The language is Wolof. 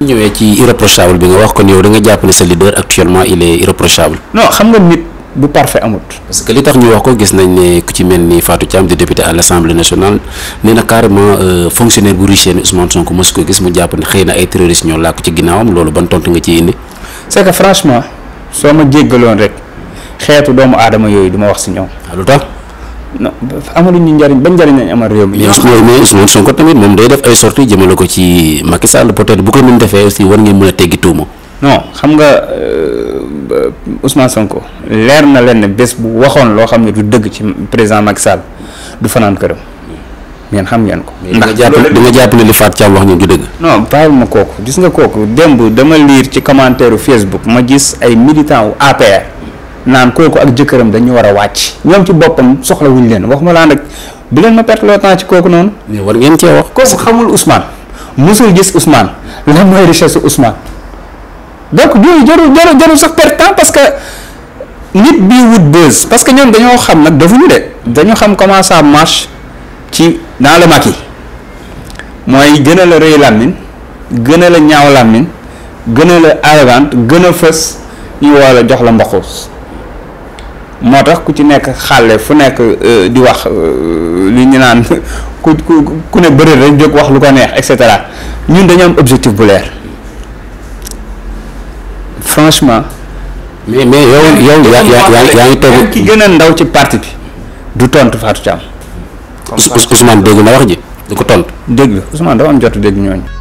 ñëwee ci irréprochable bi nga wax ko ni yow da nga jàpp ne sa leader actuellement il est irréprochable. non xam nga nit bu parfait amut. parce que li tax ñu wax ko gis nañ ne ku ci mel ni faatu Thiam di député à l' assemblée nationale nee na carrément euh, fonctionnaire bu riche ni Ousmane Sonko mos ko gis mu jàpp ne xëy na ay terroristes ñoo làkk ci ginnaawam loolu ban tontu nga ci indi. c' franchement soo ma jéggaloon rek xeetu doomu aadama yooyu du wax si ñoom. Ah, lu non ñu njariñ ban njariñ lañ amal réew mi. mais Ousmane ko tamit moom day def ay sorties jëmale ko ci Macky Sall peut-être bu ko mën defee aussi war ngeen mën a teggi tuuma. non xam nga euh, Ousmane ko leer na leen ne bés bu waxoon loo xam ne du dëgg ci président Macky Sall du fanaan këram. ngeen xam ngeen ko. ndax di nga jàpp ne li Fatou Thiam wax ñu du dëgg. non bàyyi ma kooku gis nga kooku démb dama liir ci commentaire Facebook ma gis ay militants wu APR. naan kooku ak jëkkëram dañu war a wàcc ñoom ci boppam soxla wuñ leen waxuma laa nag bi leen ma perte le temps ci kooku noonu. mais war ngeen cee wax. kooku xamul Ousmane mosul gis Ousmane lan mooy richesse Ousmane donc yooyu jarul jarul jarul sax perte temps parce que nit bii wut buzz parce que ñoom dañoo xam nag defuñu de dañu xam comment ça marche ci dans le maquis mooy gën la rëy làmmiñ gën la ñaaw làmmiñ gën a la arrogante gën a fës ñu woo jox la mbaxus moo tax ku ci nekk xale fu nekk euh, di wax euh, li ñu naan ku ku ku ne bëri rek jóg wax lu ko neex et cetera ñun dañu am objectif bu leer franchement. mais mais yow yow. yaa yaa ngi toog ki gën a ndaw ci parti bi du tontu Fatou Thiam. Ousmane dégg na wax ji du ko tontu. dégg Ousmane dafa am jot dégg ñooñu.